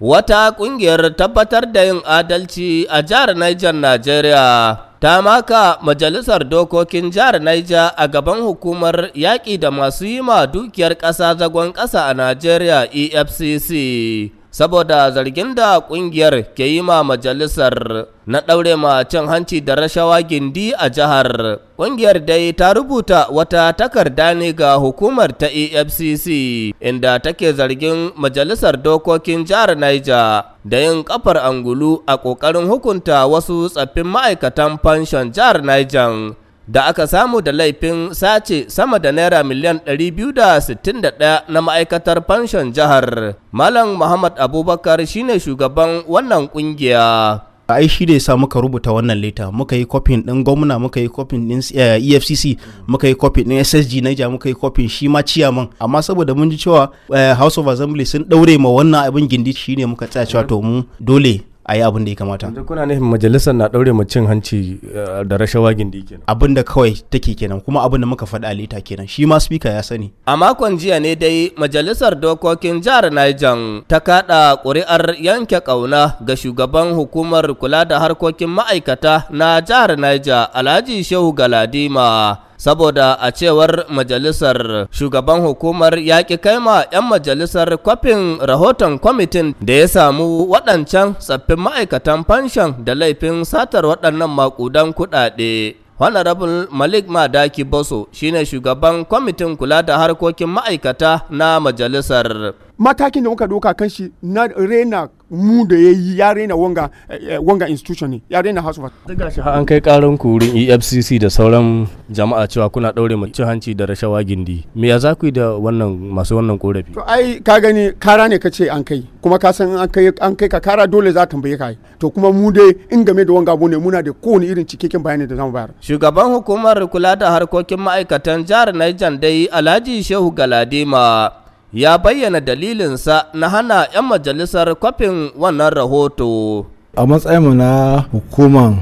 Wata ƙungiyar tabbatar da yin adalci a jihar Niger Najeriya ta maka majalisar dokokin jihar Niger a gaban hukumar yaƙi da masu yi ma dukiyar ƙasa zagon ƙasa a Najeriya EFCC saboda zargin da ƙungiyar ke yi ma majalisar na ɗaure ma cin hanci da rashawa gindi a jihar. Ƙungiyar dai ta rubuta wata takarda ne ga hukumar ta EFCC inda take zargin majalisar dokokin jihar Niger da yin kafar angulu a ƙoƙarin hukunta wasu tsaffin ma'aikatan fanshon jihar Niger. da aka samu da laifin sace sama da naira miliyan 261 na ma'aikatar fanshon jihar malam muhammad abubakar shine shugaban wannan kungiya ai shi da ya sa muka rubuta wannan leta muka yi kofin din gwamna muka yi kofin din efcc eh, e muka yi kofin din ssg naija muka yi kofin shi ma ciyaman amma saboda mun ji cewa eh, house of assembly sun daure ma wannan abin gindi shine muka tsaya cewa to mu dole a yi abin da ya kamata da kuna nufin majalisar na daure mu cin hanci eh, da rashawa gindi kenan abin da kawai take kenan kuma abin da muka faɗa a kenan shi ma speaker ya sani a makon jiya ne dai majalisar dokokin jihar Niger ta kaɗa ƙuri'ar yanke ƙauna ga shugaban hukumar kula da harkokin ma'aikata na jihar Niger Alhaji Shehu Galadima saboda a cewar majalisar shugaban hukumar ya kai ma 'yan majalisar kwafin rahoton kwamitin da ya samu waɗancan tsaffin ma'aikatan fanshan da laifin satar waɗannan makudan kuɗaɗe. Honorable Malik Madaki Boso shine shugaban kwamitin kula da harkokin ma'aikata na majalisar. matakin da muka doka kan shi na rena mu da ya yi ya rena wanga, eh, wanga institution ne ya rena house daga shi an kai karin kurin efcc da sauran jama'a cewa kuna daure mai cin hanci da rashawa gindi me ya zaku yi da wannan masu wannan korafi to ai ka gani kara ne ka ce an kai kuma ka san an kai an kai ka kara dole za tambaye ka to kuma mu dai in game da wanga abu ne muna da kowane irin cikakken bayani da zamu bayar shugaban hukumar kula da harkokin ma'aikatan jihar Niger dai Alhaji Shehu Galadima ya bayyana dalilinsa na hana 'yan majalisar kwafin wannan rahoto. A matsayinmu na hukuman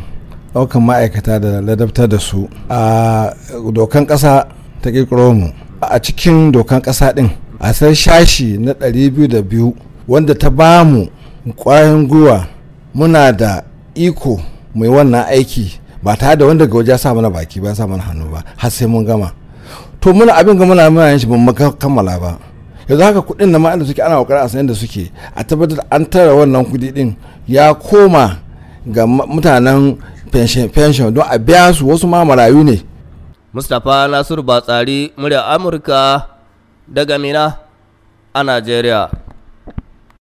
ɗaukan ma'aikata da ladabtar da su a dokan ƙasa ta ƙirƙiro mu a cikin dokan ƙasa ɗin a sai shashi na 202 wanda ta ba mu ƙwayan gwiwa muna da iko mai wannan aiki ba tare da wanda ya sa mana baki ba ya sa mana hannu ba har sai mun gama to muna abin ga muna yin shi ban kammala ba yanzu haka kuɗin da ma'ana suke ana kokarin a sanin da suke a tabbatar an tara wannan kudi din ya koma ga mutanen pension don a biya su wasu ma marayu ne mustapha nasiru batsari murya amurka daga mina a nigeria.